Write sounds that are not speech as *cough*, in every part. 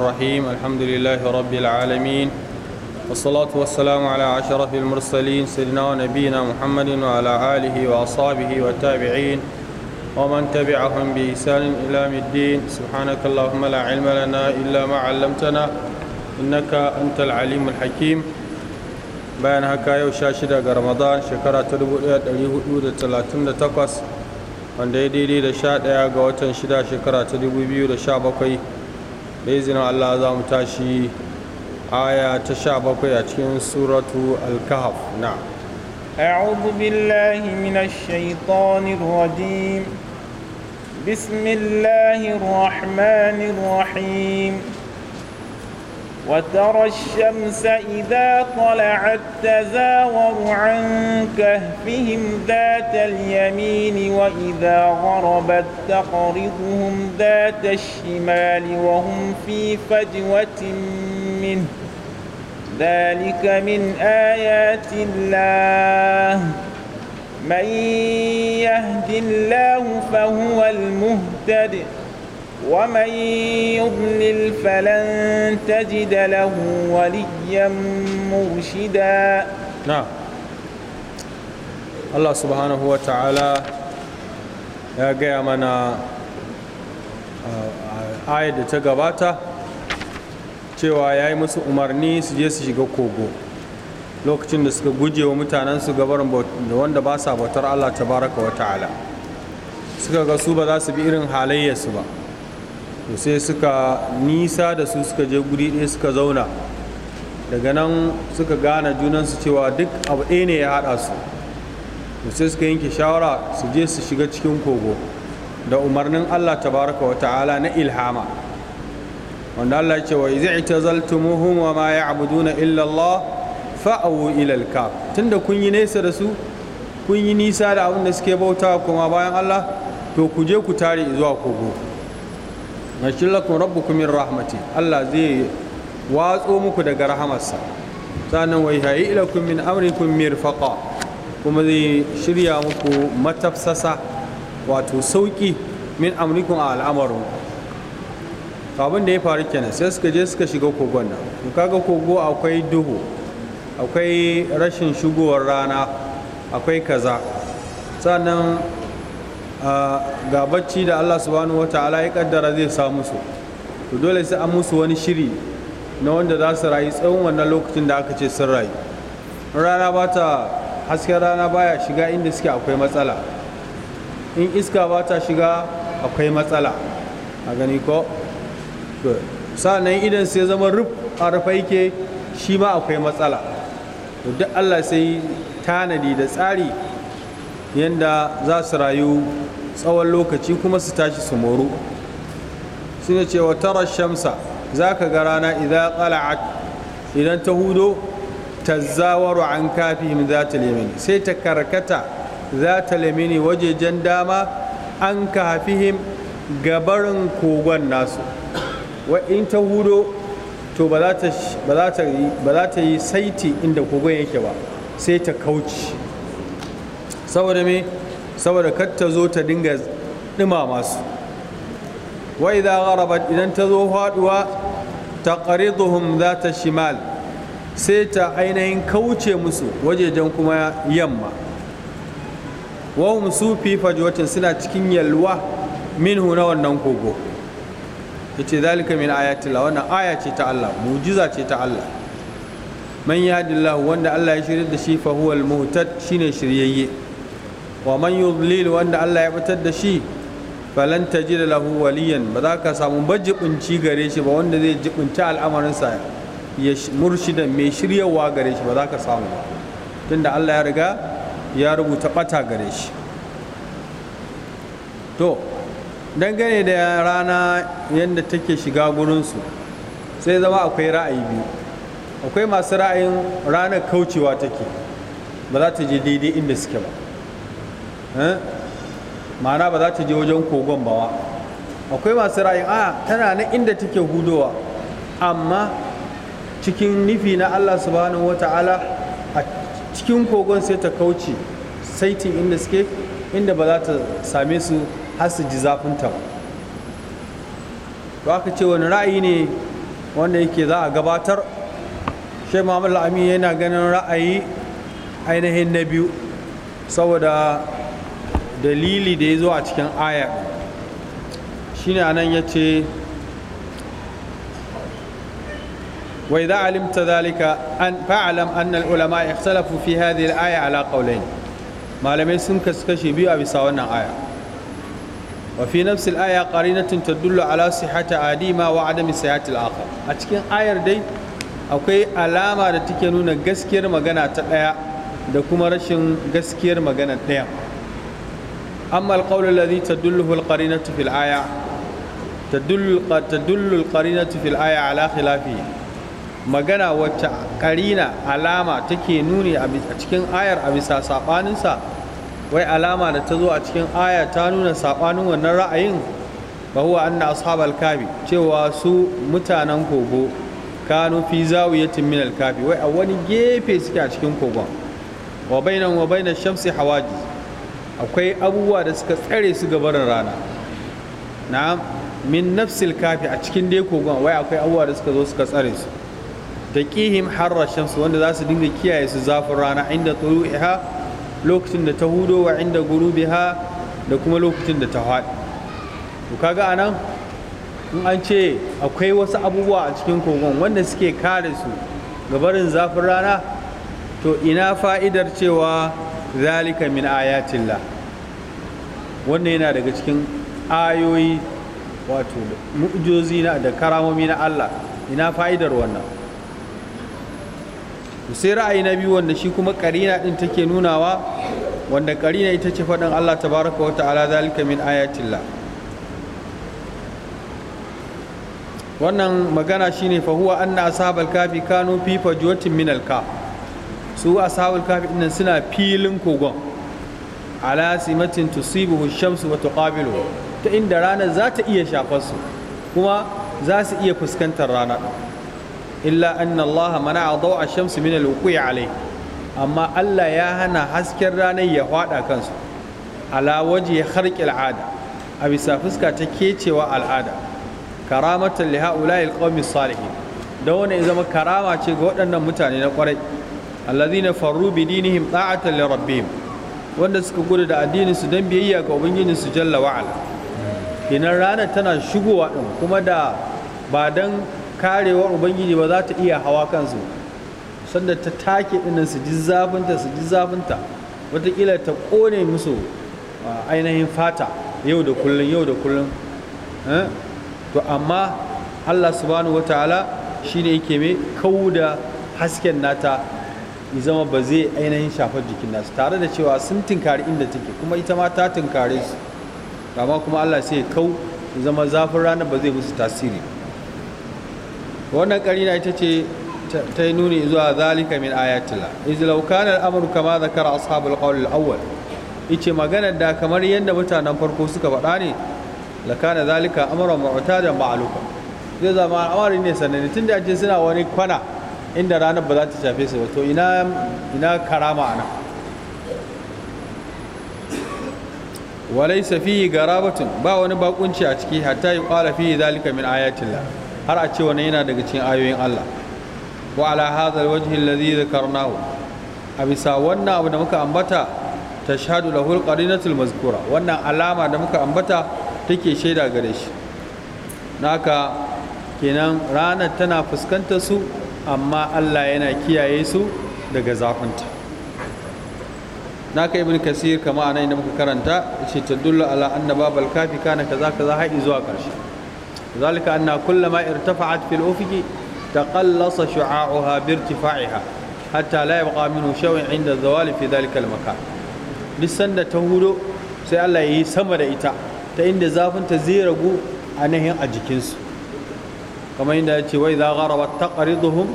الرحيم الحمد لله رب العالمين والصلاة والسلام على أشرف المرسلين سيدنا ونبينا محمد وعلى آله وأصحابه والتابعين ومن تبعهم بإحسان إلى الدين سبحانك اللهم لا علم لنا إلا ما علمتنا إنك أنت العليم الحكيم بيان هكا يو شاشدة رمضان شكرا تربو إليه إليه تلاتين تقص وان دي دي دي دشاء دي شكرا تربو بيو دشاء بقي da izinin Allah za mu tashi aya ta sha bakwai a cikin suratu al-kahf na أعوذ بالله من الشيطان الرجيم بسم الله الرحمن الرحيم وترى الشمس إذا طلعت تزاور عن كهفهم ذات اليمين وإذا غربت تقرضهم ذات الشمال وهم في فجوة منه ذلك من آيات الله من يهد الله فهو المهتدئ ومن يضلل فلن تجد له وليا مرشدا نعم الله سبحانه وتعالى يا جامنا آية تجاباتا cewa ya yi musu umarni su je su shiga kogo lokacin da suka guje wa mutanensu da wanda ba sa bautar allah baraka wa ta'ala suka ga su ba za su bi irin halayyarsu ba to sai suka nisa da su suka je guri ɗaya suka zauna daga nan suka gane junansu cewa duk abu ɗaya ne ya haɗa su to sai suka yanke shawara su je su shiga cikin kogo da umarnin allah tabaraka wa ta'ala na ilhama wanda allah ce wa izi itazaltumuhum wa ma ya'buduna illa allah fa'awu ila al-kaf tunda kun yi nesa da su kun yi nisa da abin da suke bauta kuma bayan allah to ku je ku tare zuwa kogo shi lakon rabu kumin rahmati Allah zai watso muku daga rahamarsa sannan wai ila kumin min amrikum faƙa kuma zai shirya muku matafsasa wato sauki min amrikun a al'amarin abin da ya faru kenan sai suka je suka shiga kogon nan kuka kaga kogo akwai duhu akwai rashin shigowar rana akwai kaza sannan ga bacci da Allah subhanahu wata'ala ya kaddara zai sa musu to dole sai an musu wani shiri na wanda za su rayu tsawon wannan lokacin da aka ce sun rayu rana ba ta hasken rana baya shiga inda suke akwai matsala in iska ba ta shiga akwai matsala a gani ko sa'annan idan sai zama ruf a rufa yake shi ma akwai matsala to duk Allah sai tanadi da tsari yanda za su rayu tsawon lokaci kuma su tashi su moru Suna cewa tara shamsa za ka ga rana idan tsala'at idan ta hudo ta zawaro an kafihim za ta lemini sai ta karkata za ta lemini wajejen dama an kafihim gabarin kogon nasu wa in ta hudo to ba za ta yi saiti inda kogon yake ba sai ta kauci saboda me saboda kar ta zo ta dinga ɗumama su wa idza gharabat idan ta zo faduwa za zata shimal sai ta ainihin kauce musu wajejen kuma yamma wa hum sufi fajwatin suna cikin yalwa minhu na wannan kogo yace zalika min ayatillah wannan aya ce ta Allah mujiza ce ta Allah man yahdillahu wanda Allah ya shirye da shi fa huwal muhtad shine shiryayye wa man yudlil wanda Allah ya fitar da shi ji da lahu waliyan ba za ka samu bajibinci gare shi ba wanda zai jibinta al'amarinsa ya da mai shiryawa gare shi ba za ka samu ba tunda Allah ya riga ya rubuta bata gare shi to dangane da rana yadda take shiga gurinsu sai zama akwai ra'ayi biyu akwai masu ra'ayin ranar kaucewa take ba za ta je daidai inda suke ba Eh? ma'ana ba za ta je wajen kogon bawa akwai masu ra'ayin a tana na inda take hudowa amma cikin nufi na allah subhanahu wata'ala a cikin kogon sai ta kauce saitin inda suke inda ba za ta same su har su ji zafin ta ba aka ce wani ra'ayi ne wanda yake za a gabatar shai muhammadu yana ganin ra'ayi ainihin na biyu saboda dalili da ya zo a cikin aya shi ne a nan ya ce wai za a limta zalika an fa'alam annal ulama ya salafu fi hadhihi al-aya ala malamai sun kasu kashe biyu a bisa wannan aya wa fi nafsi al-aya qarinatun tadullu ala sihhati adima wa adami sihhati al-akhar a cikin ayar dai akwai alama da take nuna gaskiyar magana ta ɗaya da kuma rashin gaskiyar magana ɗaya. amma alqawlu alladhi tadulluhu alqarinatu fil aya tadullu tadullu alqarinatu fil aya ala magana wacce karina alama take nuni a cikin ayar a bisa sabaninsa wai alama da ta zo a cikin aya ta nuna sabanin wannan ra'ayin fa huwa anna ashabal kafi cewa su mutanen kogo kano fi zawiyatin min kafi wai a wani gefe suke a cikin kogon wa shamsi hawajiz akwai abubuwa da suka tsare su gabar rana na min nafsil kafi a cikin dai kogon wai akwai abubuwa da suka zo suka tsare su da kihim harrashen su wanda za su dinga kiyaye su zafin rana inda tsuru'iha lokacin da ta hudo wa inda biha da kuma lokacin da ta haɗi to kaga anan in an ce akwai wasu abubuwa a cikin kogon wanda suke kare su gabarin zafin rana to ina fa'idar cewa zalika min ayatillah wannan yana daga cikin ayoyi wato mu'jozi na da karamomi na Allah ina fa'idar wannan sai ra'ayi na biyu wanda shi kuma karina din take nunawa wanda karina ita ce faɗin Allah tabaraka wa ta'ala zalika min ayatillah wannan magana shine fa huwa anna ashabal kafi kanu fi fajwatin min al-kaf su ashabul kafi dinnan suna filin kogon ala simatin tusibuhu shamsu wa tuqabilu ta inda ranar za ta iya shafar su kuma za su iya fuskantar rana illa anna Allah mana'a daw'a shamsi min al-wuqi' amma Allah ya hana hasken ranar ya hwada kansu ala waje harki al'ada a bisa fuska ta kecewa al'ada karamatan li ha'ula'i alqawmi salihin don wani zama karama ce ga waɗannan mutane na kwarai alladhina faru bi dinihim ta'atan li rabbihim wanda suka gudu da addinin su dan biyayya ga ubangijin su jalla wa ala kenan rana tana shigowa din kuma da ba dan karewa ubangiji ba za ta iya hawa kansu sanda ta take dinnan su ji su ji zafinta watakila ta kone musu ainihin fata yau da kullun yau da kullun eh? to amma Allah subhanahu wataala shine yake mai kauda hasken nata ya zama ba zai ainihin shafar jikin nasu tare da cewa sun tinkari inda take kuma ita ma ta tinkare su amma kuma Allah sai kau ya zama zafin rana ba zai musu tasiri wannan karina ita ce ta yi nuni zuwa zalika min ayatila izlaukan al'amuru kama ashabul qawl ice magana da kamar yadda mutanen farko suka faɗa ne lakana zalika amran da ma'aluka zai zama al'amari ne sananne tun da ce suna wani kwana inda ranar ba za ta shafe su ba to ina karama a nan walai safi garabatun ba wani bakunci a ciki hatta yi kwala fi zalika min ayatillah har a ce wani yana daga cikin ayoyin Allah wa ala hadhal wajhi alladhi dhakarnahu a bisa wannan abu da muka ambata tashhadu lahu alqarinatul mazkura wannan alama da muka ambata take shaida gare shi naka kenan ranar tana fuskantar su amma Allah yana kiyaye su daga zafinta naka ibn kasir kama a nan da muka karanta ce tadullu ala anna babal kafi kana kaza kaza haɗi zuwa ƙarshe zalika anna kullama irtafa'at fil ufuqi taqallasa shu'a'uha bi irtifa'iha hatta la yabqa minhu 'inda zawali fi dhalika al makan duk sanda ta hudo sai Allah ya yi sama da ita ta inda zafinta zai ragu a nahin a jikinsu kamar yadda ya ce wai za gharaba taqriduhum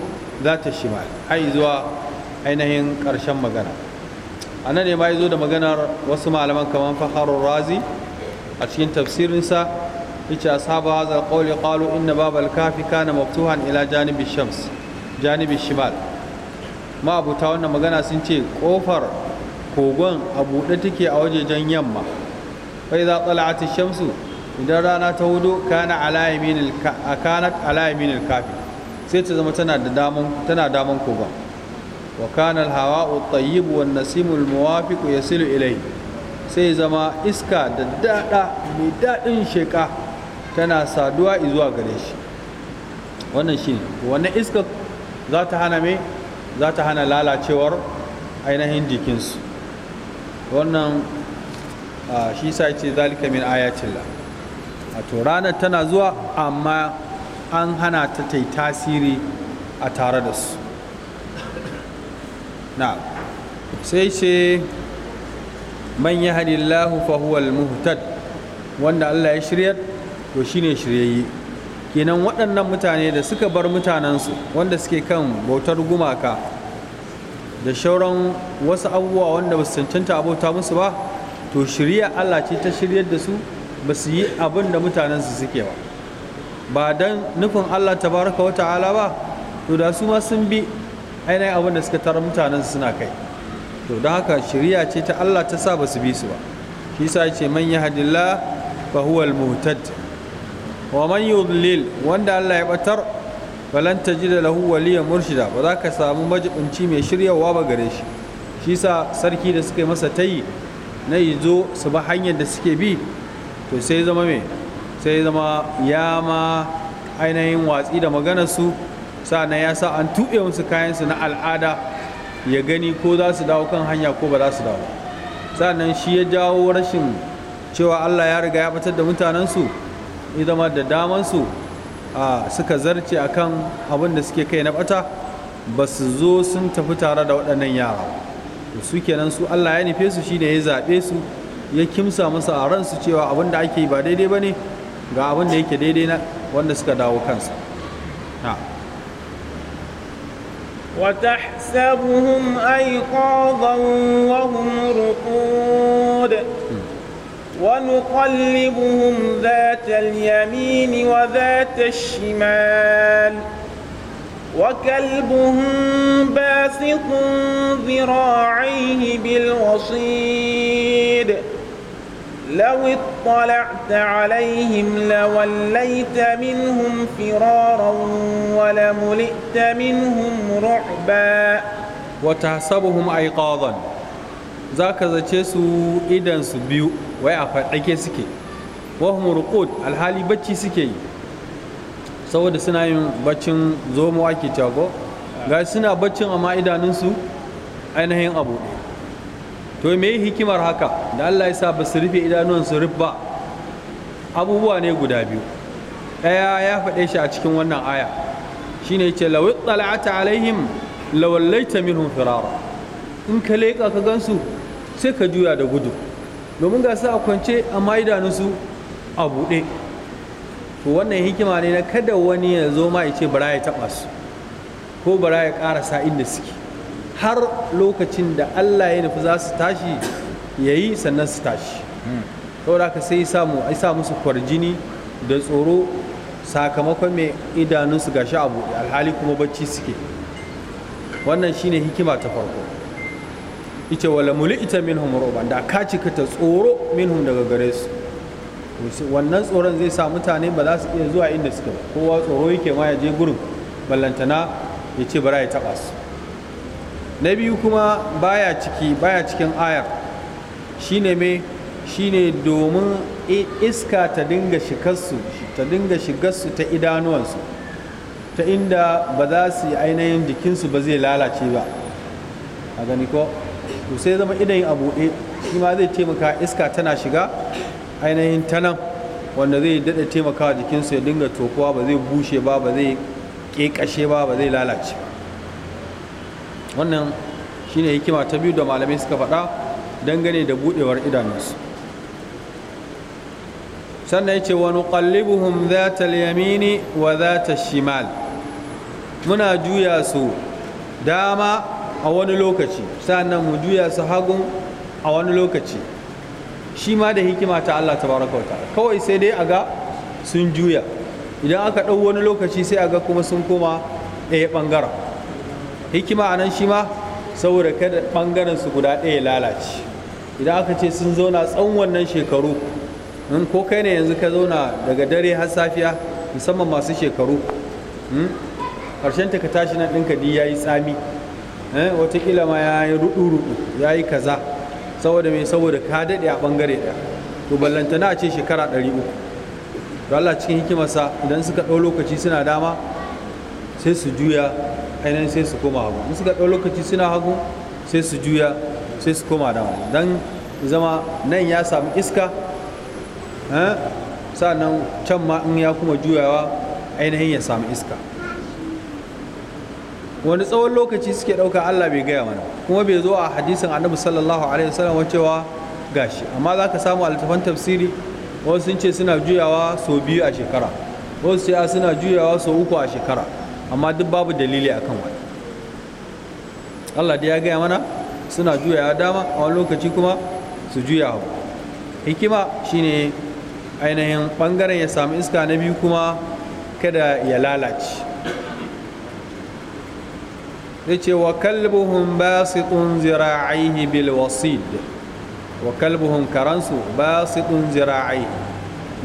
za ta shimal ai zuwa ainihin ƙarshen magana a nan ne ma ya zo da maganar wasu malaman kamar fakharun razi a cikin tafsirinsa yace ashabu hadha alqawli qalu inna babal kafi kana maftuhan ila janibi shams janibi shimal ma ta wannan magana sun ce kofar kogon a buɗe take a wajejen yamma fa idza tala'at ash-shamsu idan rana ta hudu kana alayimin yaminil kafi sai ta zama tana damon daman koba wa kanar hawa hawau at-tayyib wan nasimu al ya yasilu ilai sai zama iska da dada mai dadin sheka tana saduwa zuwa gare shi wannan ne, wannan iska za ta hana mai za ta hana lalacewar ainihin jikinsu wannan ah, shi sa ce zalika min ayatillah wato ranar tana zuwa amma an hana ta ta tasiri a tare da su na sai ce man ya hadillahu fahuwal muhtad wanda allah ya shiryar to shine shiryayye kenan waɗannan mutane da suka bar mutanensu wanda suke kan bautar gumaka da shauran wasu abubuwa wanda ba su cancanta abota musu ba to shirya allah ce ta shiryar da su ba su yi abin da mutanensu suke ba ba don nufin allah Ta tabaraka wa ta'ala ba to da su ma sun bi ainihin abin da suka tara mutanensu suna kai to don haka shirya ce ta allah ta sa ba su bi su ba shi sa ce man hadilla fa huwa al-muhtad wa man yudlil wanda allah ya batar falan da lahu waliyan murshida ba za ka samu majibinci mai shiryawa ba gare shi shi sa sarki da suka yi masa yi na yi zo su ba hanyar da suke bi to sai zama me sai zama ya ma ainihin watsi da maganarsu sa'annan ya sa an tuɓe musu kayansu na al'ada ya gani ko za su dawo kan hanya ko ba za su dawo sa'annan shi ya jawo rashin cewa allah ya riga ya fitar da mutanensu ya zama da damansu a suka zarce kan abin da suke kai na bata ba su zo sun tafi tare da waɗannan yara su kenan su allah ya nufe su ne ya zaɓe su ya kimsa masa a ransu cewa abin da ake yi ba daidai ba ne ga abin da yake daidai na wanda suka dawo kansa وتحسبهم أيقاظا وهم رقود ونقلبهم ذات اليمين وذات الشمال وكلبهم باسط ذراعيه بالوصيد لو اطلعت عليهم لوليت منهم فرارا ولملئت منهم رعبا وتحسبهم ايقاظا ذاك زاتي سو ايدن سو بيو واي افاتيكي سكي وهم رقود الحالي بچي سكي سوود سنا يم بچن زومو اكي تاغو غاي آه. سنا بچن اما ايدانن سو اينهين ابو دي to me hikimar haka da Allah ya sa ba su rufe idanuwan su ba abubuwa ne guda biyu ɗaya ya faɗe shi a cikin wannan aya shine ce law tsala'ata alaihim ta minhum firara in ka leƙa ka gansu sai ka juya da gudu domin ga su a kwance amma idanunsu a buɗe to wannan hikima ne na kada wani ya zo ma ya ce bara ya taɓa su ko bara ya ƙarasa inda suke har lokacin da Allah ya nufi za su tashi ya yi sannan su tashi saboda aka sai sa musu kwarjini da tsoro sakamakon mai idanunsu gashi a buɗe alhali kuma bacci suke wannan shine hikima ta farko ita wala muli ita minhum roban da ka cika ta tsoro minhum daga gare su wannan tsoron zai sa mutane ba za su iya zuwa inda suke ba kowa tsoro yake ma ya je gurin ballantana ya ce bara ya taɓa su na biyu kuma baya ciki baya cikin ayar shine me shine domin iska ta dinga shikarsu ta dinga shigarsu ta idanuwansu ta inda ba za su yi ainihin jikinsu ba zai lalace ba a gani ko to sai zama idan a buɗe shi ma zai taimaka iska tana shiga ainihin ta wanda zai daɗa taimaka jikinsu ya dinga tokuwa ba zai bushe ba ba zai ƙeƙashe ba ba zai lalace ba wannan shine hikima ta biyu da malamai suka faɗa dangane da buɗewar idanunsu sannan ya ce wani nuqallibuhum zata ta yamini wa zata shimal muna juya su dama a wani lokaci sannan mu juya su hagun a wani lokaci shi ma da hikima ta Allah ta baraka kawai sai dai a ga sun juya idan aka ɗau wani lokaci sai a ga kuma sun koma ɗaya ɓangaren hikima a nan shi ma saboda kada ɓangaren su guda ɗaya lalace idan aka ce sun zauna tsawon wannan shekaru in ko kai ne yanzu ka zauna daga dare har safiya musamman masu shekaru hmm, ƙarshen ta ka tashi nan ɗinka di ya yi tsami eh, watakila ma ya yi ruɗu-ruɗu ya yi kaza saboda mai saboda ka daɗe a ɓangare ɗaya to ballantana a ce shekara ɗari uku to Allah cikin hikimarsa idan suka ɗau lokaci suna dama sai su juya ainihin sai su koma hagu in suka ɗau lokaci suna hagu sai su juya sai su koma dama don zama nan ya samu iska eh, sa'annan can ma in ya kuma juyawa ainihin ya samu iska wani tsawon lokaci suke ɗauka allah bai gaya mana kuma bai zo a hadisin annabi sallallahu alaihi wasallam cewa gashi amma za ka samu alitafan tafsiri wasu sun ce suna juyawa sau biyu a shekara wasu ce suna juyawa sau uku a shekara amma duk babu dalili akan wani Allah da ya gaya mana suna juyawa dama a wani lokaci kuma su juya hau hikima shine ainihin bangaren ya sami iska na biyu kuma kada ya lalace ya ce wa kalbuhun ƙunzira aihi bil wasid wa kalbuhun karansu ƙunzira aihi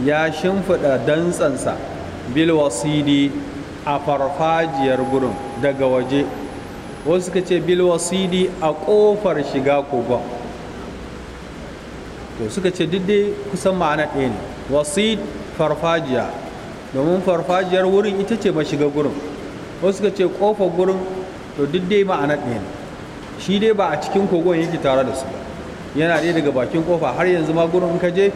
ya shimfiɗa dantsansa bil wasidi a farfajiyar gurin daga waje wasu suka ce bilwasidi a ƙofar shiga kogon to suka ce dai kusan ma'ana ɗaya ne wasid farfajiya domin farfajiyar wurin ita ce mashiga gurin wasu suka ce kofar gurin to dai ma'ana ɗaya ne shi dai ba a cikin kogon yake tare da su ba yana ɗaya daga bakin kofa har yanzu ma gurin in ka je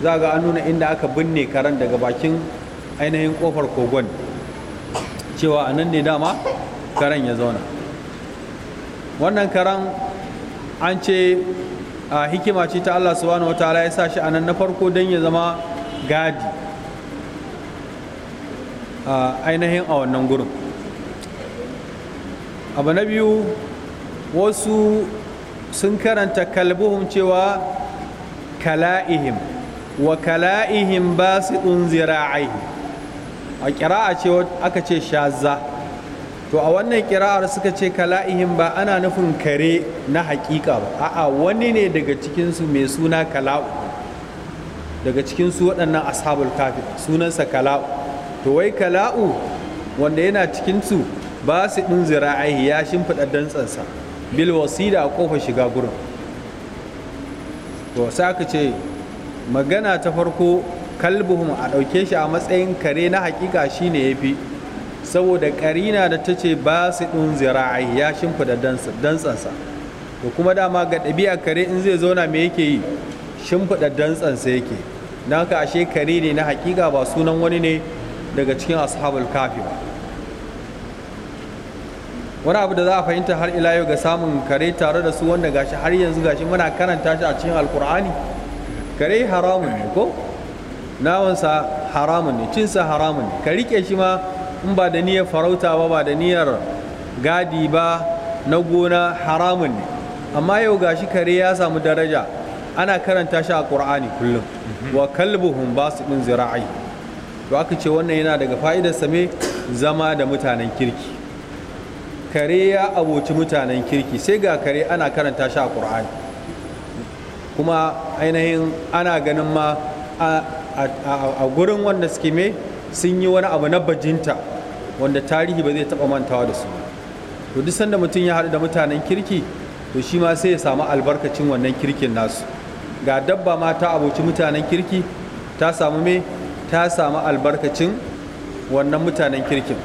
za ga an nuna inda aka binne karen daga bakin ainihin kofar kogon ne. cewa a nan ne dama karen ya zauna wannan karen an ce a hikima ce ta Allah subhanahu wa ta'ala ya sa shi a nan na farko don ya zama gadi a ainihin a wannan gurin abu na biyu wasu sun karanta kalbuhum cewa kala'ihim wa kala'ihim ba su zira'aihi a kira'a ce aka ce shazza to a wannan kira'ar suka ce kala'ihim ba ana nufin kare na hakika ba a'a wani ne daga cikinsu mai suna kala'u daga cikinsu waɗannan ashabul kafir sunansa kala'u to wai kala'u wanda yana cikinsu ba su ɗin zira'ai ya shimfiɗa dantsansa bil wasida a ƙofar shiga gurin to sai aka ce magana ta farko kalbuhum a ɗauke shi a matsayin kare na hakika shine ya fi saboda karina da ta ce ba su ɗin zira'ai ya shimfida dantsansa da kuma dama ga ɗabi'a kare in zai zauna me yake yi shimfida dantsansa yake na ka ashe kare ne na hakika ba sunan wani ne daga cikin ashabul kafi ba wani abu da za a fahimta har ila yau ga samun kare tare da su wanda gashi har yanzu gashi muna karanta shi a cikin alkur'ani kare haramun ne ko nawansa haramun ne cinsa haramun ne ka rike shi ma in ba da niyyar farauta ba ba da niyyar gadi ba na gona haramun ne amma yau gashi kare ya samu daraja ana karanta shi a ƙur'ani kullum mhm. wa kalbuhun ba su ɗin zira'ai. to aka ce wannan yana daga fa'idar same zama da mutanen kirki kare ya aboci mutanen kirki sai ga kare ana karanta shi a ƙur'ani kuma ainihin ana ganin ma a gurin wanda suke mai sun yi wani abu na bajinta wanda tarihi ba zai taɓa mantawa da su to duk sanda mutum ya haɗu da mutanen kirki to shi ma sai ya samu albarkacin wannan kirkin nasu ga dabba ma ta aboci mutanen kirki ta samu me ta samu albarkacin wannan mutanen kirkin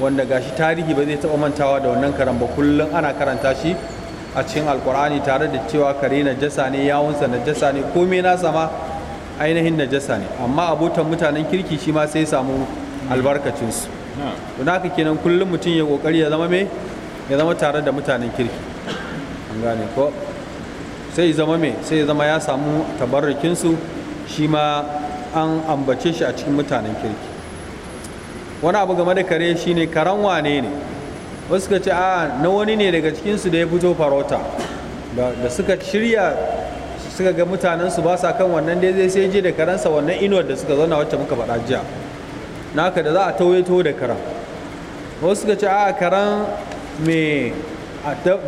wanda gashi tarihi ba zai taɓa mantawa da wannan karen ba kullum ana karanta shi a cikin alkur'ani tare da cewa kare na jasa ne yawunsa na jasa ne komai na sama. ainihin najasa ne amma abotan mutanen kirki shi ma sai samu albarkacinsu don haka kenan kullum mutum ya kokari ya zama me ya zama tare da mutanen kirki an gane ko sai zama me sai zama ya samu tabarrukinsu shi ma an ambace shi a cikin mutanen kirki wani abu game da kare shi ne karan wane ne wasu ka ce a na wani ne daga cikinsu da ya fito farauta da suka shirya suka ga mutanen su ba sa kan wannan dai sai je da karansa wannan inuwar da suka zauna wacce muka faɗa jiya naka da za a tauye to da karan wasu suka ce a karan mai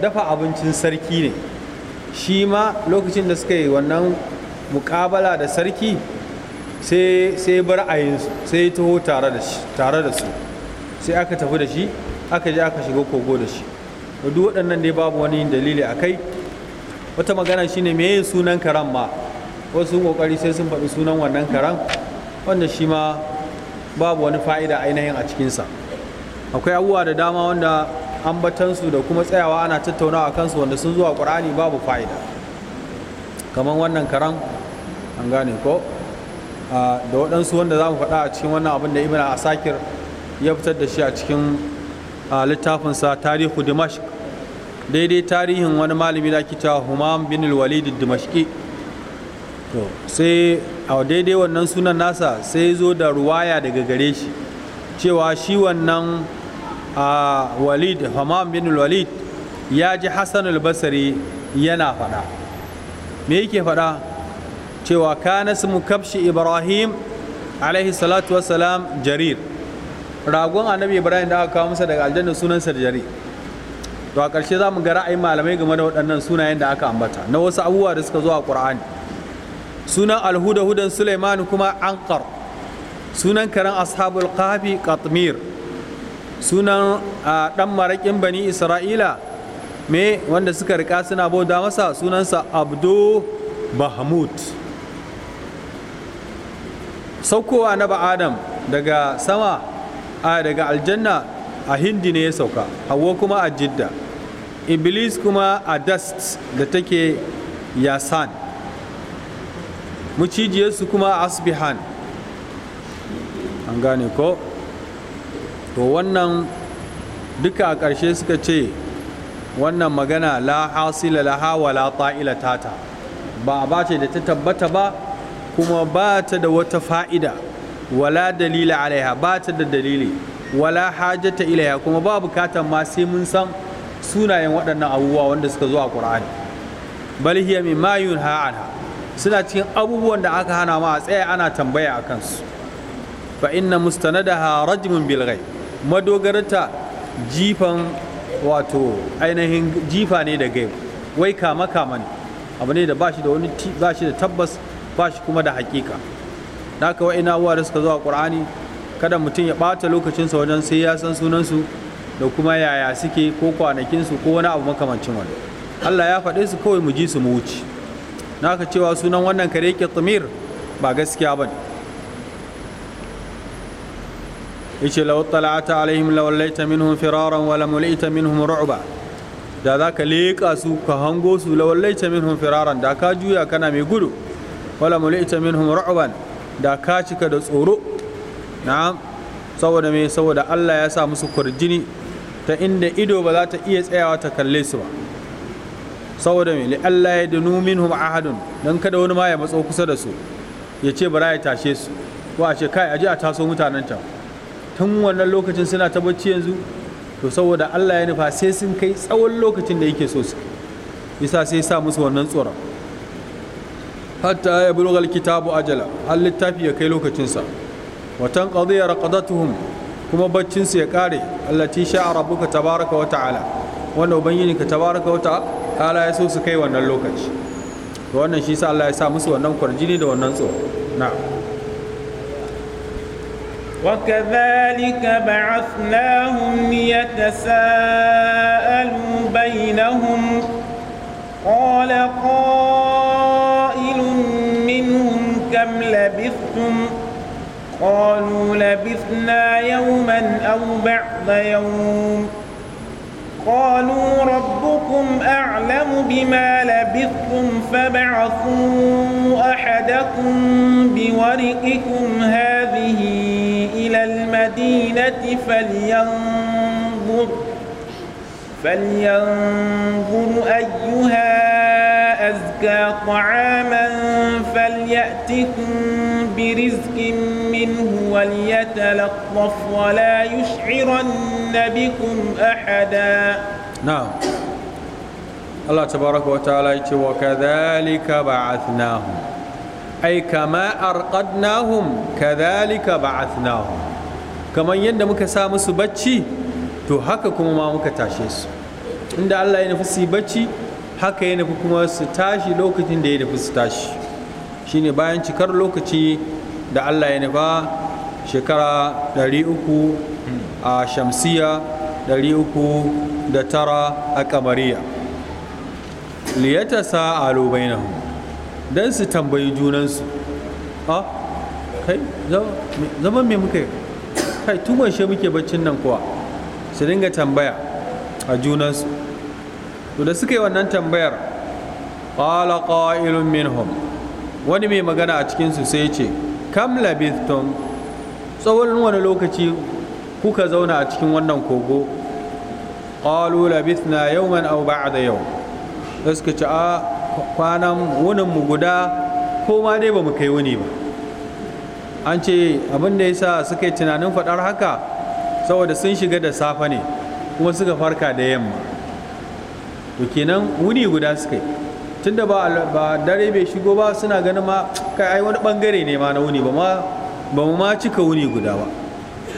dafa abincin sarki ne shi ma lokacin da suka yi wannan mukabala da sarki sai bar ayinsu sai taho tare da su sai aka tafi da shi aka je aka shiga kogo da shi duk waɗannan dai babu wani dalili a kai wata magana shine meye sunan karan ma wasu kokari sai sun faɗi sunan wannan karan wanda shi ma babu wani fa'ida ainihin a cikinsa akwai abubuwa da dama wanda ambatansu da kuma tsayawa ana tattaunawa a kansu wanda sun zuwa ƙur'ani babu fa'ida kamar wannan karan an gane ko da waɗansu wanda za mu faɗa a cikin wannan abin da a asakir ya fitar da shi a cikin littafinsa tarihu dimashik daidai tarihin wani malami da kita humam bin walid dimashki to sai a daidai wannan sunan nasa sai zo da ruwaya daga gare shi cewa shi wannan a walid humam bin walid ya ji hassan albasari yana faɗa me yake faɗa cewa kana mu kafshi ibrahim alaihi salatu wasalam jarir ragon annabi ibrahim da aka kawo masa daga aljanna sunansa jarir to a ƙarshe za mu ga ra'ayin malamai game da waɗannan sunayen da aka ambata na wasu abubuwa da suka zo a ƙur'ani sunan alhuda hudan suleiman kuma ankar sunan karen ashabul kafi katmir sunan ɗan maraƙin bani isra'ila me wanda suka rika suna bauta masa sunansa abdu bahmud saukowa na ba'adam daga sama a daga aljanna a hindi ne ya sauka hawa kuma a jidda iblis kuma a dust da take yasan mucijiyarsu kuma a asbihan an gane ko to wannan duka a ƙarshe suka ce wannan magana la hasila laha wa la ta'ila tata ba a bace da ta tabbata ba kuma ba ta da wata fa'ida wala dalila alaiha ba ta da dalili wala hajjata ilaiha kuma ba bukatan ma sai mun san sunayen waɗannan abubuwa wanda suka zo a ƙur'ani bal hiya mimma yunha anha suna cikin abubuwan da aka hana ma a tsaya ana tambaya a kansu fa inna mustanadaha rajmun bil ghaib madogarta jifan wato ainihin jifa ne da gaib wai kama kama ne abu ne da ba shi da wani ba shi da tabbas ba shi kuma da hakika naka ina abubuwa da suka zo a ƙur'ani kada mutum ya ɓata lokacinsa wajen sai ya san sunansu da kuma yaya suke ko kwanakinsu ko wani abu makamancin wani Allah ya faɗe su kawai mu ji su mu wuce na ka cewa sunan wannan kare tsamir ba gaskiya ba yace law tala'ata alaihim la wallaita minhum firaran wa lam laita minhum ru'ba da za ka leƙa su ka hango su la wallaita minhum firaran da ka juya kana mai gudu wa lam laita minhum ru'ban da ka cika da tsoro na'am saboda me saboda Allah ya sa musu kurjini ta inda ido ba za ta iya tsayawa ta kalle su ba saboda mai Allah ya dunu minhum ahadun dan kada wani ma ya matso kusa da su ya ce bara ya tashe su ko a ce kai aje a taso mutanen ta tun wannan lokacin suna ta bacci yanzu to saboda Allah ya nufa sai sun kai tsawon lokacin da yake so su yasa sai sa musu wannan tsoron hatta ya bulgal kitabu ajala har littafi ya kai lokacinsa watan qadiya raqadatuhum kuma baccinsu ya kare allati sha'a rabbuka tabaraka wa ta'ala wanda ubangiji ka tabaraka wa ta'ala ya so su kai wannan lokaci da wannan shi sa Allah ya sa musu wannan kwarjini da wannan tsoro na'am وكذلك بعثناهم ليتساءلوا بينهم قال قائل منهم كم لبثتم قالوا لبثنا يوما أو بعض يوم قالوا ربكم أعلم بما لبثتم فبعثوا أحدكم بورقكم هذه إلى المدينة فلينظر فلينظر أيها أزكى طعاما فليأتكم برزق منه وليتلطف ولا يشعرن بكم أحدا نعم الله تبارك وتعالى وكذلك بعثناهم أي كما أرقدناهم كذلك بعثناهم كما يندمك سامس بچي to haka kuma ma muka tashe su inda Allah ya nufi su yi bacci haka ya nufi kuma su tashi lokacin da ya nufi su tashi shine bayan cikar lokaci da Allah ya nufa shekara 300 a shamsiya 309 a kamariya liyata sa'alu bainahu dan su tambayi junansu a ah, kai zaman me muka yi kai tumashe muke baccin nan kuwa su dinga tambaya a junansu to da suka yi wannan tambayar qala qa'ilun minhum wani mai magana a cikinsu sai ce kam labithtum tsawon wani lokaci kuka zauna a cikin wannan kogo qalu labithna yawman aw ba'da yau da suka ce a kwanan wunin guda ko ma dai ba mu kai wuni ba an ce abin da sa suka yi tunanin faɗar haka saboda sun shiga da safe ne kuma suka farka da yamma to kenan wuni guda suka yi tunda ba ba dare bai shigo ba suna ganin ma kai ai wani bangare ne ma na wuni ba ma ba mu ma cika wuni guda ba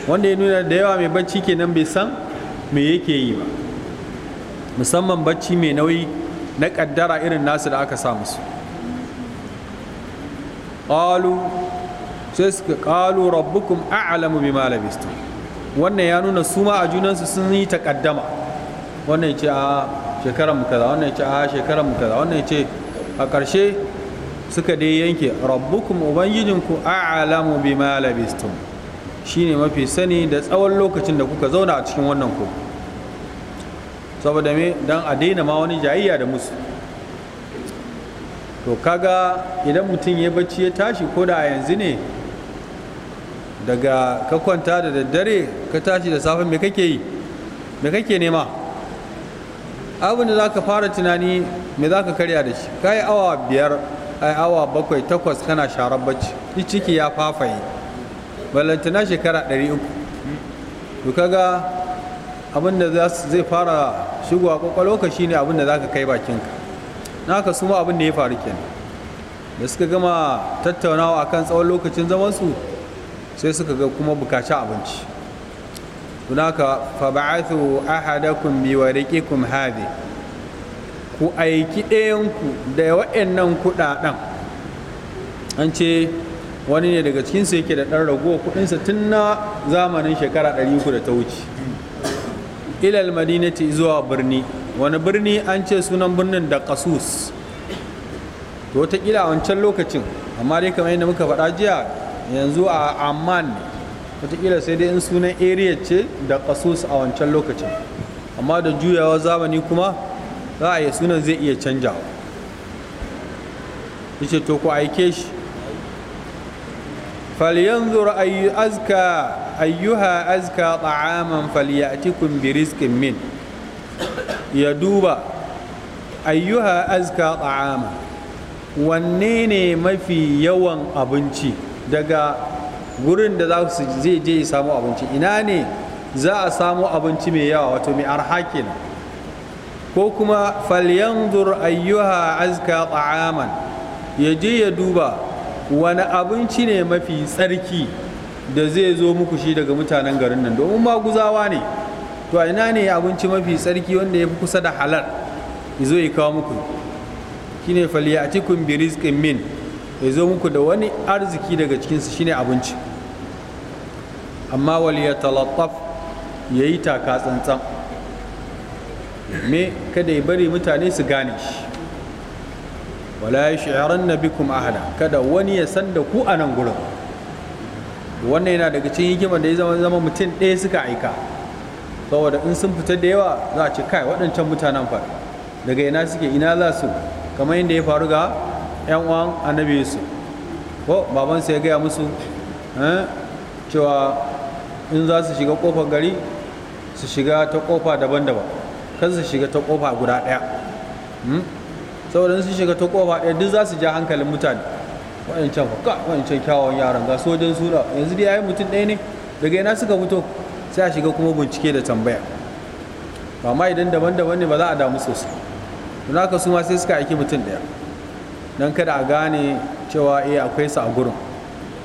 wanda ya nuna da yawa mai bacci kenan bai san me yake yi ba musamman bacci mai nauyi na kaddara irin nasu da aka sa musu qalu sai suka qalu rabbukum a'lamu bima labistu wannan ya nuna su ma a junansu sun yi takaddama wannan ce a shekaran mu kaza wannan ya ce a shekaran mu kaza wannan ya ce a ƙarshe suka dai yanke rabbukum ubangijinku a'lamu bima labistum shine mafi sani da tsawon lokacin da kuka zauna a cikin wannan ku saboda me dan a daina ma wani jayayya da musu to kaga idan mutum ya bacci ya tashi ko da yanzu ne daga ka kwanta da daddare ka tashi da safe me kake yi me kake nema abin da za ka fara tunani me za ka karya da shi ka yi awa biyar yi awa bakwai takwas kana sharar bacci ciki ya fafaye balantana shekara ɗari uku to kaga abin da zai fara shigowa kwakwalwa ka ne abin da za ka kai bakinka na ka suma abin da ya faru kenan da suka gama tattaunawa akan tsawon lokacin zamansu sai suka ga kuma bukaci abinci tunaka faba'athu ahadakum bi wariqikum hadhi ku aiki ɗayanku da waɗannan kuɗaɗen an ce wani ne daga cikinsu yake da ɗan raguwa kuɗinsa tun na zamanin shekara 300 da ta wuce ilal madinati zuwa birni wani birni an ce sunan birnin da kasus to wataƙila a wancan lokacin amma dai kamar yadda muka faɗa jiya yanzu a amman wataƙila sai dai in sunan area ce da kasus a wancan lokacin amma da juyawa zamani kuma za a yi sunan zai iya canjawa yace to ku aike shi falyanzur ayu azka ayyuha azka ta'aman falyatikum bi rizqin min ya duba ayyuha azka ta'ama wanne ne mafi yawan abinci daga gurin da za su zai je ya samu abinci ina ne za a samu abinci mai yawa wato mai arhakin ko kuma zur ayyuha azka ta'aman ya je ya duba wani abinci ne mafi tsarki da zai zo muku shi daga mutanen garin nan domin guzawa ne to a ina ne abinci mafi tsarki wanda ya fi kusa da halal ya zo ya kawo muku shine falyatikum bi rizqin min ya zo muku da wani arziki daga cikinsu shine abinci amma wal ya yi taka tsantsan me kada ya bari mutane su gane shi wala ya yash'aranna bikum ahada kada wani ya san da ku a nan gurin wannan yana daga cikin hikima da ya zama zama mutum ɗaya suka aika saboda in sun fita da yawa za a ci kai waɗancan mutanen fa daga ina suke ina za su kamar yadda ya faru ga yan uwan annabi su ko baban ya gaya musu eh, cewa in za su shiga kofar gari su shiga ta kofa daban-daban kan su shiga ta kofa guda ɗaya hmm? saboda su shiga ta kofa ɗaya duk za su ja hankalin mutane waɗancan fuka waɗancan kyawawan yaran ga sojan suna yanzu dai yayin mutum ɗaya ne daga yana suka fito sai a shiga kuma bincike da tambaya ba ma idan daban-daban ne ba za a damu sosai don haka su ma sai suka aiki mutum ɗaya don kada a gane cewa eh akwai su a gurin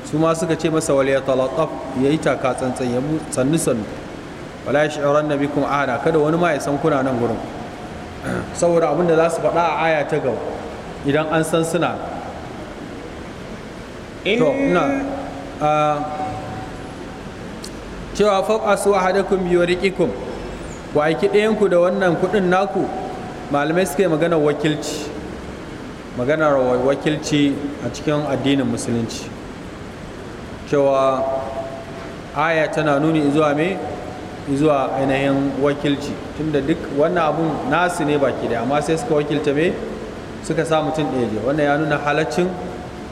su ma suka ce masa wal ya talataf ya yi taka tsantsan ya sannu sannu wala ya shi'aran na bikin ahada kada wani ma ya san kuna nan gurin *clears throat* saboda abinda za su faɗa a aya ta gaba idan an san suna to ina cewa faɓasu biyu rikikun ku aiki ɗayanku da wannan kuɗin naku malamai suka yi maganar wakilci maganar wakilci a cikin addinin musulunci cewa aya tana nuni zuwa me zuwa ainihin wakilci tunda duk wannan abun nasu ne baki da amma sai suka wakilta me suka sa mutum ɗaya je wannan ya nuna halaccin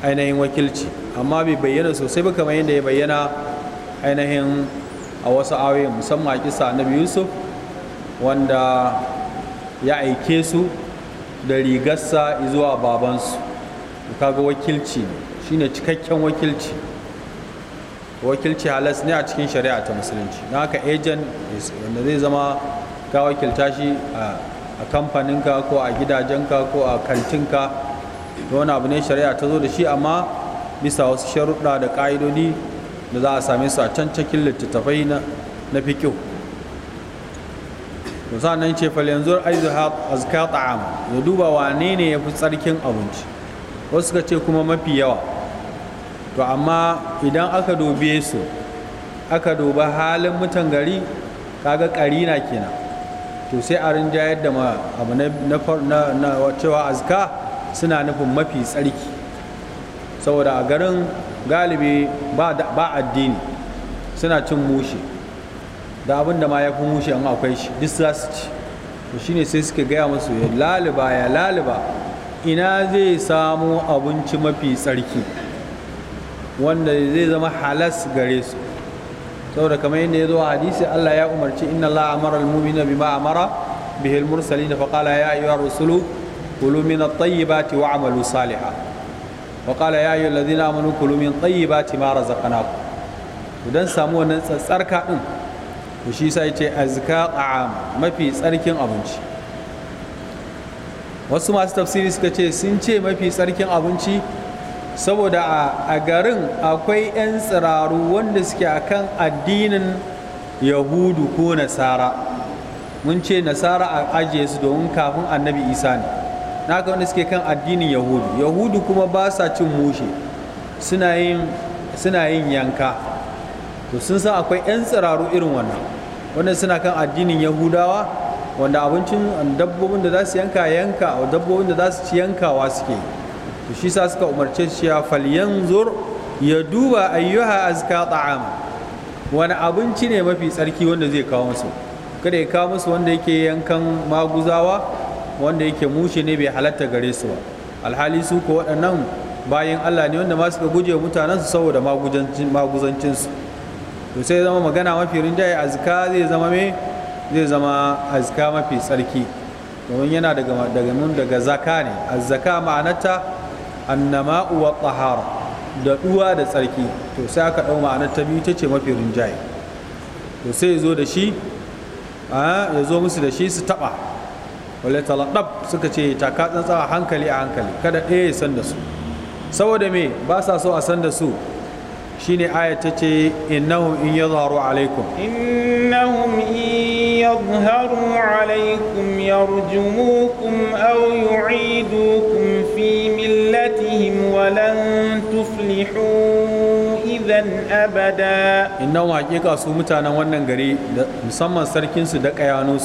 ainihin wakilci amma bai bayyana sosai ba kamar yadda ya bayyana ainihin a wasu ayoyin musamman a kisa annabi yusuf wanda ya aike su da rigarsa zuwa babansu ka ga wakilci ne shine cikakken wakilci wakilci halas ne a cikin shari'a ta musulunci don haka ejen wanda zai zama ka wakilta shi a kamfaninka ko a gidajenka ko a kantinka da wani abu ne shari'a ta zo da shi amma bisa wasu sharuɗa da ƙa'idodi da za a same su a can cikin littattafai na fikiu to nan ce fal yanzu azka ta'am ya duba wane ne ya fi tsarkin abinci wasu ka ce kuma mafi yawa to amma idan aka dube su aka duba halin mutan gari kaga karina kenan to sai a rinjayar da abu na cewa azka suna nufin mafi tsarki saboda a garin galibi ba addini suna cin mushe da abin da ma ya fi mushe an akwai shi duk za su ci to shine sai suka gaya musu ya laliba ya laliba ina zai samu abinci mafi tsarki wanda zai zama halas gare su saboda kamar yadda ya zo a hadisi Allah ya umarci inna Allah amara al-mu'mina bima amara bihi al-mursalin fa qala ya ayyuha ar-rusulu kulu min at-tayyibati wa'malu salihan wa qala ya ayyuha alladhina amanu kulu min tayyibati ma razaqnakum idan samu wannan tsarka din to shi sai ce azka ta'am mafi tsarkin abinci wasu masu tafsiri suka ce sun ce mafi tsarkin abinci saboda a garin akwai 'yan tsiraru wanda suke kan addinin yahudu ko nasara mun ce nasara a ajiye su domin kafin annabi isa ne na wanda suke kan addinin yahudu yahudu kuma ba sa cin mushe suna yin yanka to sun san akwai 'yan tsiraru irin wannan wanda suna kan addinin yahudawa wanda abincin dabbobin da za su yanka yanka dabbobin da za su ci yankawa suke yi to shi sa suka umarce shi ya falyanzur ya duba ayyuha azka ta'am wani abinci ne mafi tsarki wanda zai kawo musu kada ya kawo musu wanda yake yankan maguzawa wanda yake mushe ne bai halatta gare su ba alhali su ko waɗannan bayan Allah ne wanda ma suka guje mutanen saboda maguzancin to sai zama magana mafi rinjaye azka zai zama me zai zama azka mafi tsarki domin yana daga daga daga zaka ne azzaka ma'anarta Annama uwa tahara da duwa da tsarki to sai aka ɗau ma'anar ta biyu tace mafi rinjaye to sai ya zo da shi a ya zo musu da shi su taba wale taladab suka ce taka tsantsa a hankali a hankali kada ɗaya ya san da su saboda me ba sa so a san da su shine ayat tace innahum in yadharu alaikum innahum in يظهروا عليكم يرجموكم أو يعيدوكم في ملتهم ولن تفلحوا إذا أبدا إنهم حقيقة سومتانا وننغري مسمى da دقيانوس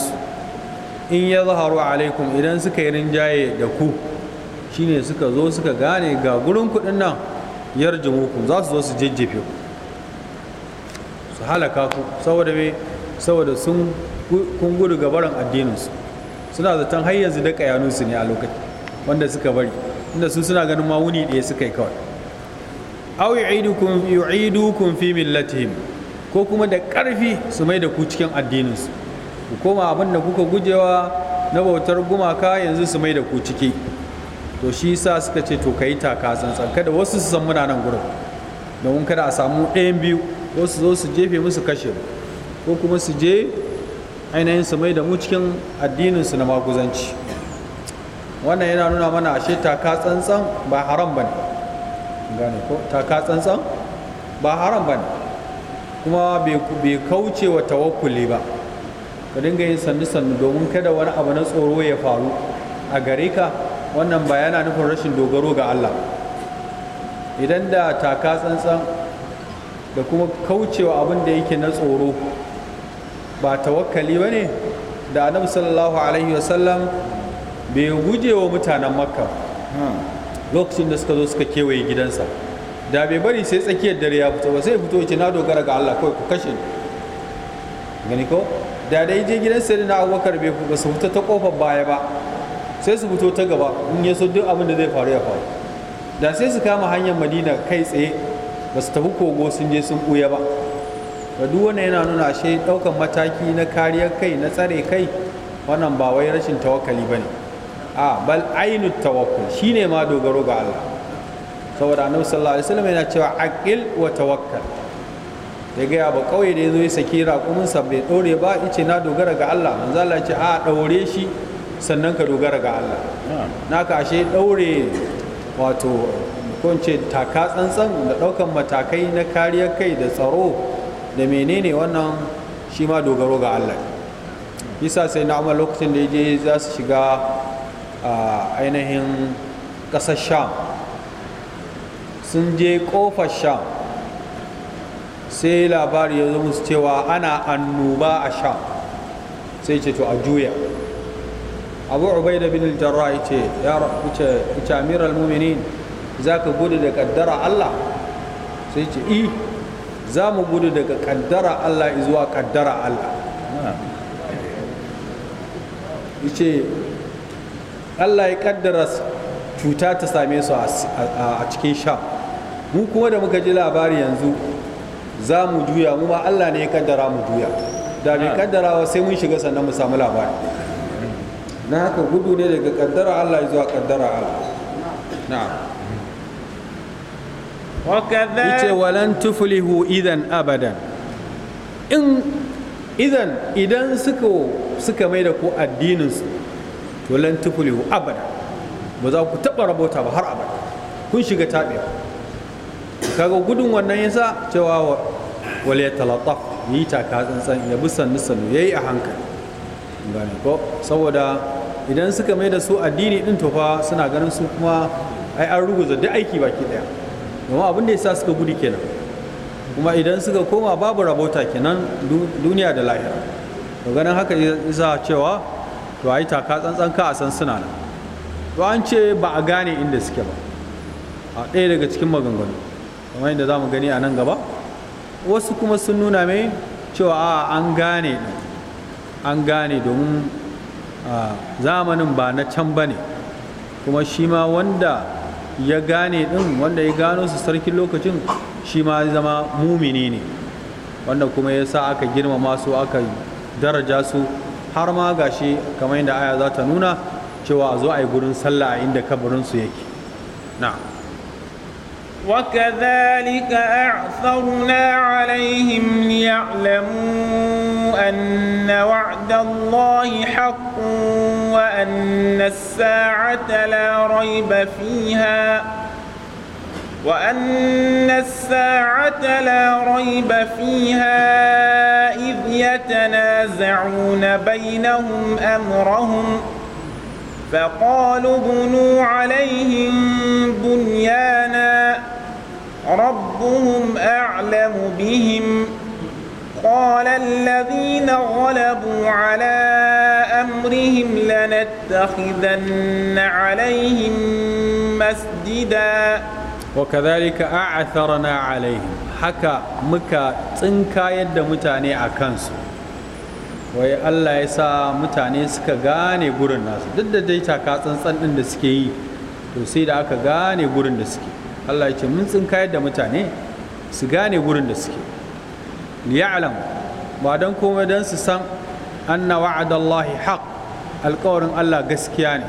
in ya zaharu alaikum idan suka yi rinjaye da ku shine suka zo suka gane ga gurin kuɗin nan yarjumukum za su zo su jejjefe ku su halaka ku saboda me saboda sun kun gudu gabaran barin addininsu suna zaton har yanzu da kayanunsu ne a lokaci wanda suka bari inda su suna ganin ma wuni ɗaya suka yi kawai aw yu'idukum fi millatihim ko kuma da ƙarfi su mai da ku cikin addininsu ku koma abinda da kuka gujewa na bautar gumaka yanzu su mai da ku ciki to shi sa suka ce to kai taka tsantsan kada wasu su san muna nan gurin domin kada a samu ɗayan biyu ko zo su jefe musu kashe ko kuma su je ainihin su mai da mu cikin addininsu na maguzanci wannan yana nuna mana ashe taka tsantsan ba haram ba ne gane ko taka tsantsan ba haram ba kuma bai kauce wa tawakkuli ba ka dinga yin sannu-sannu domin kada wani abu na tsoro ya faru a gare ka wannan ba yana nufin rashin dogaro ga allah idan da taka tsantsan da kuma kaucewa abin da yake na tsoro ba tawakkali ba ne da annabi sallallahu alaihi wasallam bai guje wa mutanen makka lokacin da suka zo suka kewaye gidansa da bai bari sai tsakiyar dare ya fito ba sai fito ce na dogara ga Allah kawai ku kashe gani ko da dai je gidan sai na abubakar bai ba su fita ta kofar baya ba sai su fito ta gaba in ya so duk abin da zai faru ya faru da sai su kama hanyar madina kai tsaye ba su tafi kogo sun je sun buya ba da duk wanda yana nuna ashe ɗaukan mataki na kariyar kai na tsare kai wannan ba wai rashin tawakali ba ne a bal ainu tawakkul shine ma dogaro ga Allah saboda annabi sallallahu alaihi wasallam yana cewa aqil wa tawakkal da gaya ba kauye da ya zo ya saki sa bai dore ba ice na dogara ga Allah manzo Allah ce a daure shi sannan ka dogara ga Allah naka ashe daure wato ko ce taka tsantsan da ɗaukan matakai na kariyar kai da tsaro da menene wannan shi ma dogaro ga Allah yasa sai na amma lokacin da je za su shiga a ainihin ƙasar sham sun je ƙofar sham sai labari ya zama su cewa ana annuba a sham sai ce to a juya abu da bin jarra ya ce ya ce amir muminin za ka gudu da kaddara allah sai ce i eh. za mu gudu daga kaddara Allah zuwa kaddara Allah Ice Allah ya kaddara cuta ta same su a cikin sha mu kuma da muka ji labari yanzu za mu juya mu ma Allah ne ya kaddara mu juya da bai ah. kaddarawa sai mun shiga sannan mu samu labari na haka gudu ne daga kaddara Allah zuwa kaddara Allah na'am ce, walan tuflihu idan abadan in idan idan suka suka mai da ku addinin su to lan tuflihu abada ba za ku taba rabota ba har abada kun shiga tabewa kaga gudun wannan yasa cewa wal yatalattaf yi taka tsantsan ya bi sannu sannu yayi a hankali gane ko saboda idan suka mai da su addini din to fa suna ganin su kuma ai an ruguza duk aiki baki daya kuma abin da ya sa suka gudu kenan kuma idan suka koma babu rabota kenan duniya da lahira to ganin haka isa cewa to a yi taka tsantsan ka a san suna nan to an ce ba a gane inda suke ba a ɗaya daga cikin maganganu kamar yadda za mu gani a nan gaba wasu kuma sun nuna mai cewa a an gane an gane domin zamanin ba na can ba ne kuma shi ma wanda ya gane ɗin wanda ya gano su sarkin lokacin shi ma zama mumini ne wanda kuma ya sa aka girmama su aka daraja su har ma gashi kamar yadda aya za ta nuna cewa a zo a yi gurin sallah a inda kabarinsu yake na وكذلك أعثرنا عليهم ليعلموا أن وعد الله حق وأن الساعة لا ريب فيها وأن الساعة لا ريب فيها إذ يتنازعون بينهم أمرهم فقالوا بنوا عليهم بنيانا ربهم أعلم بهم قال الذين غلبوا على أمرهم لنتخذن عليهم مسجدا وكذلك أعثرنا عليهم حكى مكا تنكا يد متاني أكنسو wai Allah ya sa mutane suka gane gurin nasu duk da tsantsan din da suke yi to aka gane gurin da suke Allah ya mutane gane gurin da suke liya'lam ba don komai don su san anna wa'adallahi haq alƙawarin Allah gaskiya ne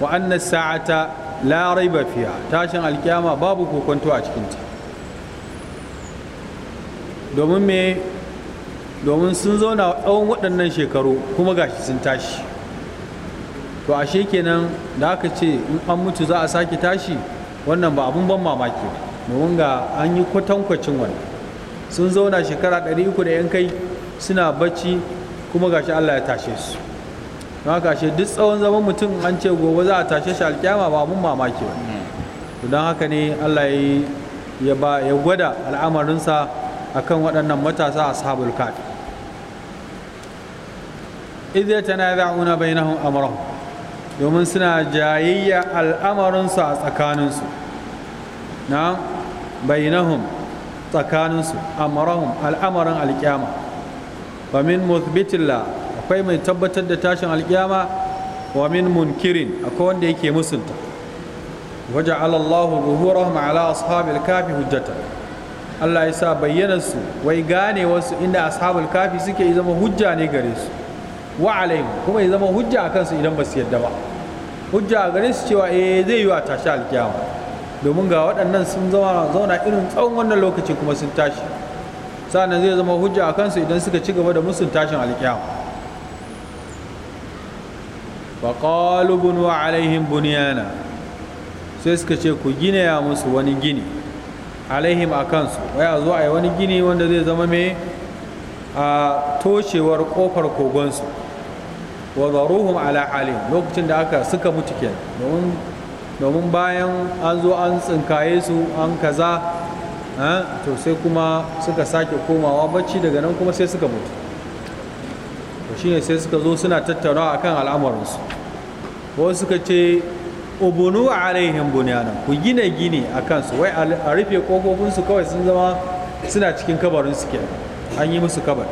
wa anna sa'ata la raiba fiya tashin alƙiyama babu kokonto a cikinta domin me domin sun zauna tsawon waɗannan shekaru kuma gashi sun tashi to ashe kenan da aka ce in an mutu za a sake tashi wannan ba abun ban mamaki domin ga an yi kwatankwacin wannan sun zauna shekara 300 da yan kai suna bacci kuma gashi Allah ya tashe su don haka shi duk tsawon zaman mutum an ce gobe za a tashe shi alkyama ba mun mamaki ba don haka ne Allah ya ba ya gwada al'amarinsa akan waɗannan matasa ashabul kafi idh yatanaza'una bainahum amrahum domin suna jayayya al'amarinsu a tsakaninsu na bainahum tsakaninsu amarahum al'amarin alƙiyama wa min muthbitilla akwai mai tabbatar da tashin alƙiyama wa min munkirin akwai wanda yake musulta waje alallahu zuhurahum ala ashabil kafi hujjata Allah ya sa bayyanarsu wai gane wasu inda ashabul kafi suke zama hujja ne gare su wa alaihim kuma ya zama hujja a kansu idan ba su yadda ba hujja a gare su cewa eh zai yi wa tashi alƙiyama domin ga waɗannan sun zauna irin tsawon wannan lokacin kuma sun tashi sa'annan zai zama hujja a kansu idan suka ci gaba da musun tashin alkiyama wa qalubun wa alaihim bunyana sai suka ce ku gina ya musu wani gini alaihim a kansu waya zo a yi wani gini wanda zai zama mai a toshewar kofar kogonsu wa zaruhum ala lokacin da aka suka mutu kenan domin domin bayan an zo an tsinkaye su an kaza to sai kuma suka sake komawa bacci daga nan kuma sai suka mutu to shine sai suka zo suna tattaunawa akan al'amarinsu wasu suka ce ubunu alaihim bunyanan ku gina gini a kansu wai a rufe kofofinsu kawai sun zama suna cikin kabarin su kenan an yi musu kabar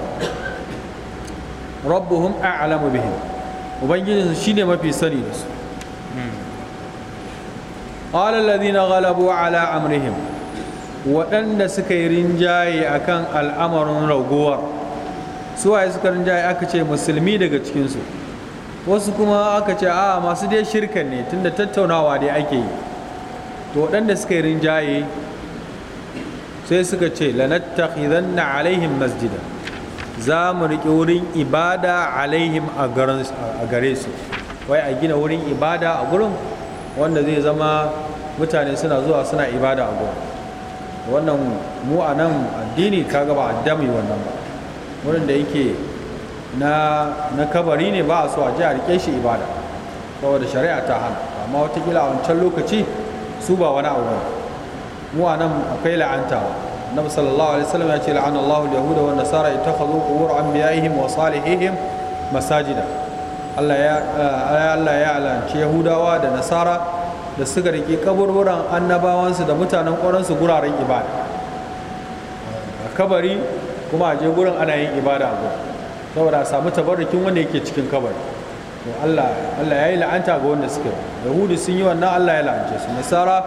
rabbuhum a'lamu bihim ubangijinsu shine mafi sani da su hmm. qala Galabu ala amrihim waɗanda suka yi rinjaye a kan al'amarin raguwar suwaye suka rinjaye aka ce musulmi daga cikinsu wasu kuma aka ce a masu dai shirka ne tunda tattaunawa dai ake yi to waɗanda suka yi rinjaye sai suka ce na alaihim masjida za mu riƙe wurin ibada alaihim a gare su wai a gina wurin ibada a gurin wanda zai zama mutane suna zuwa suna ibada a gurin wannan mu a nan addini ka gaba a dami wannan ba wurin da yake na kabari ne ba a so a ji a rike shi ibada saboda shari'a ta hana amma watakila a wancan lokaci su ba wani abu mu a nan akwai la'antawa النبي صلى الله عليه وسلم ita ka zo اليهود an biya ihim wa وصالحيهم masajida. Allah ya eh, alanci yahudawa da nasara da suka riƙe kaburburan annabawansu da mutanen ƙwaransu guraren ibada a kabari kuma a je gurin ana yin ibada a saboda a samu tabarrukin wanda yake cikin kabari to Allah ya yi la'anta ga wanda suka Yahudu sun yi wannan Allah ya la'ance su nasara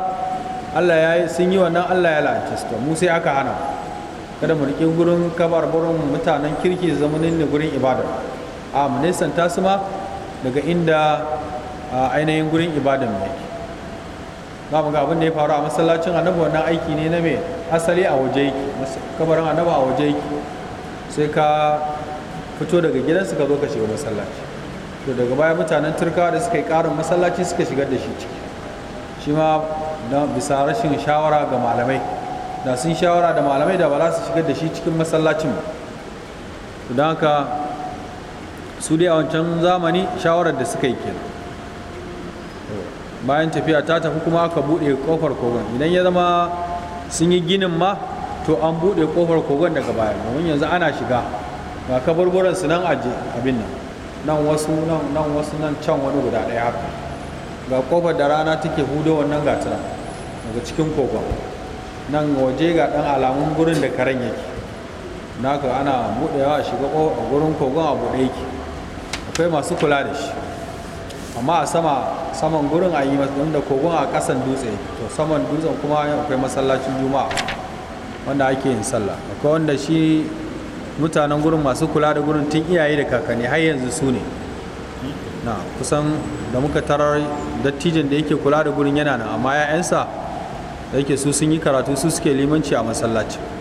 Allah ya yi sun yi wannan Allah ya la'ance su to mu sai aka hana kada mu riƙe gurin kabarburan mutanen kirki zamanin ne gurin ibada a mu nesanta su daga inda ainihin gurin ibadan mu yake mu ga abin da ya faru a masallacin annabi wannan aiki ne na mai asali a waje yake kabarin annabi a waje yake sai ka fito daga gidansu ka zo ka shiga masallaci to daga baya mutanen turkawa da suka yi karin masallaci suka shigar da shi ciki shi ma bisa rashin shawara ga malamai da sun shawara da malamai da ba za su shigar da shi cikin masallacin ba don su dai a wancan zamani shawarar da suka yi ke bayan tafiya ta tafi kuma aka buɗe ƙofar kogon idan ya zama sun yi ginin ma to an buɗe kofar kogon daga baya domin yanzu ana shiga ga kabarburan su nan aje abin nan nan wasu nan wasu nan can wani guda ɗaya haka ga ƙofar da rana take hudo wannan gatira daga cikin kogon nan waje ga dan alamun gurin da karen yake naka ana buɗewa a shiga gurin kogon a buɗe yake akwai masu kula da shi amma a sama saman gurin a yi wanda kogon a kasan dutse to saman dutsen kuma akwai masallacin juma'a wanda ake yin sallah akwai wanda shi mutanen gurin masu kula da gurin tun iyaye da kakanni har yanzu su ne na kusan da muka tarar dattijin da yake kula da gurin yana nan amma 'ya'yansa da yake su sun yi karatu su suke limanci a masallacin.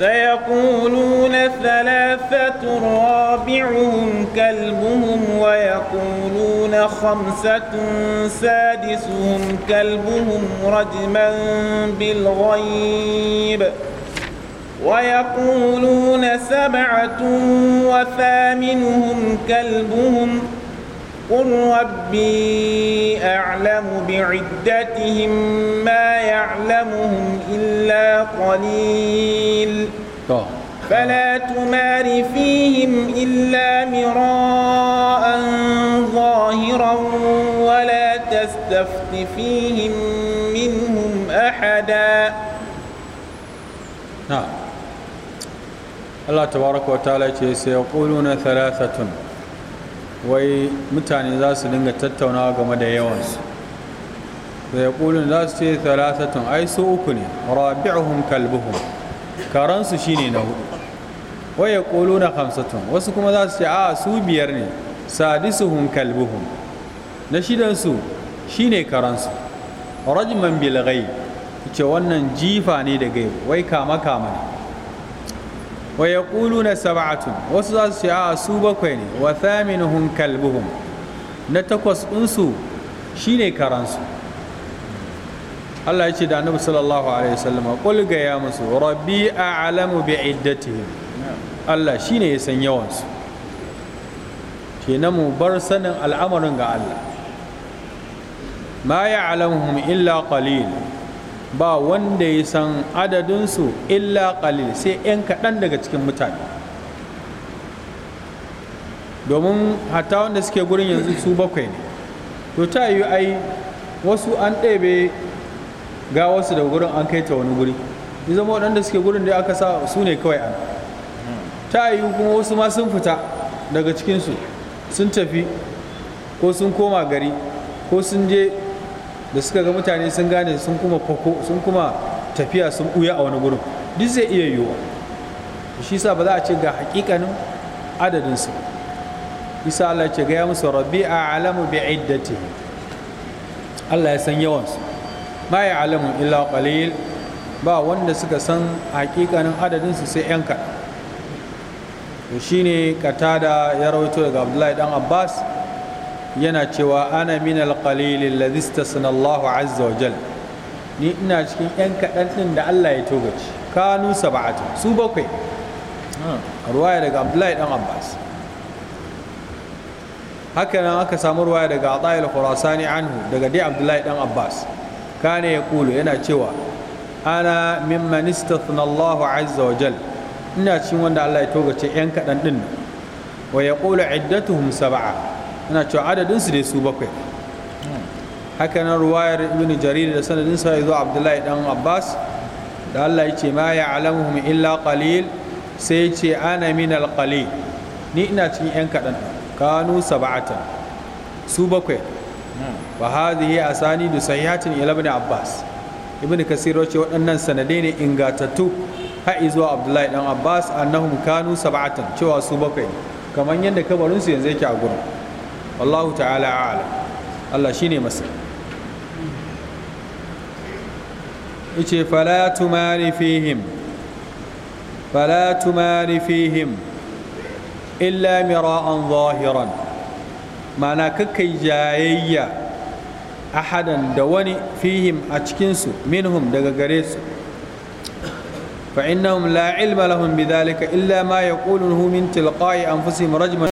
سيقولون ثلاثة رابعهم كلبهم ويقولون خمسة سادسهم كلبهم رجما بالغيب ويقولون سبعة وثامنهم كلبهم ۖ قل ربي أعلم بعدتهم ما يعلمهم إلا قليل آه. فلا تمار فيهم إلا مراء ظاهرا ولا تستفت فيهم منهم أحدا نعم الله تبارك وتعالى يقولون ثلاثة wai mutane za su dinga tattaunawa game da yawansu da ya kulun za su ce talatatun ai su uku ne rabi'uhum kalbuhum karansu ne na hudu wai ya kulu na hamsatun wasu kuma za su ce a su biyar ne sadisuhum kalbuhum na shidansu shi ne karansu rajman bilgai. ghaib ce wannan jifa ne da gaibu wai kama kama ne wa yaquluna sab'atun wasu za su ce a su bakwai ne wa thaminuhum kalbuhum na takwas su shine karansu Allah ya ce da annabi sallallahu alaihi wasallam qul ga ya musu rabbi a'lamu bi iddatihim Allah shine ya san yawansu kenan mu bar sanin al'amarin ga Allah ma ya'lamuhum illa qalil ba wanda ya san adadinsu illa ƙalil sai 'yan kaɗan daga cikin mutane domin hatta wanda suke gurin yanzu su bakwai ne to ta yi ai wasu an ɗebe ga wasu da gurin an kai ta wani guri ya zama waɗanda suke gurin da aka sa su ne kawai an ta yi kuma wasu ma sun fita daga cikinsu sun tafi ko sun koma gari ko sun je da suka ga mutane sun gane sun kuma fako sun kuma tafiya sun buya a wani gurin duk zai iya yiwuwa shi sa ba za a ce ga hakikanin adadinsu isa Allah ce ga ya musu a alamu bi iddati Allah ya san yawansu. Ba ya alamu illa qalil ba wanda suka san hakikanin adadinsu sai yan ka shi ne katada ya rawaito daga Abdullahi dan Abbas yana cewa ana min alƙalili alladhi istasna Allahu azza wa jal ni ina cikin yan kaɗan ɗin da Allah ya togaci kanu sab'atu su bakwai ah. ruwaya daga Abdullahi ɗan Abbas haka nan aka samu ruwaya daga Atayil Khurasani anhu daga dai Abdullahi ɗan Abbas kane ya kulu yana cewa ana mimman istathna Allahu azza wa jal ina cikin wanda Allah ya togaci yan kaɗan ɗin wa ya yaqulu iddatuhum sab'a yana cewa adadinsu dai su bakwai haka nan ruwayar ibn jarir da sanadin sa yazo abdullahi dan abbas da allah ya ce ma ya alamuhum illa qalil sai ce ana min qalil ni ina cikin yan kaɗan kanu sab'ata su bakwai wa hadhihi asani da sahihatin ila ibn abbas ibn kasir ce waɗannan sanadai ne ingatattu ha izo abdullahi dan abbas annahum kanu sab'atan cewa su bakwai kamar yadda kabarinsu yanzu yake a gurin wallahu ta'ala ala Allah shine masa yace fala tumari fihim fala tumari fihim illa mira'an zahiran mana kakkai jayayya ahadan da wani fihim a cikinsu minhum daga gare su فإنهم لا علم لهم بذلك إلا ما يقوله من تلقاء أنفسهم رجما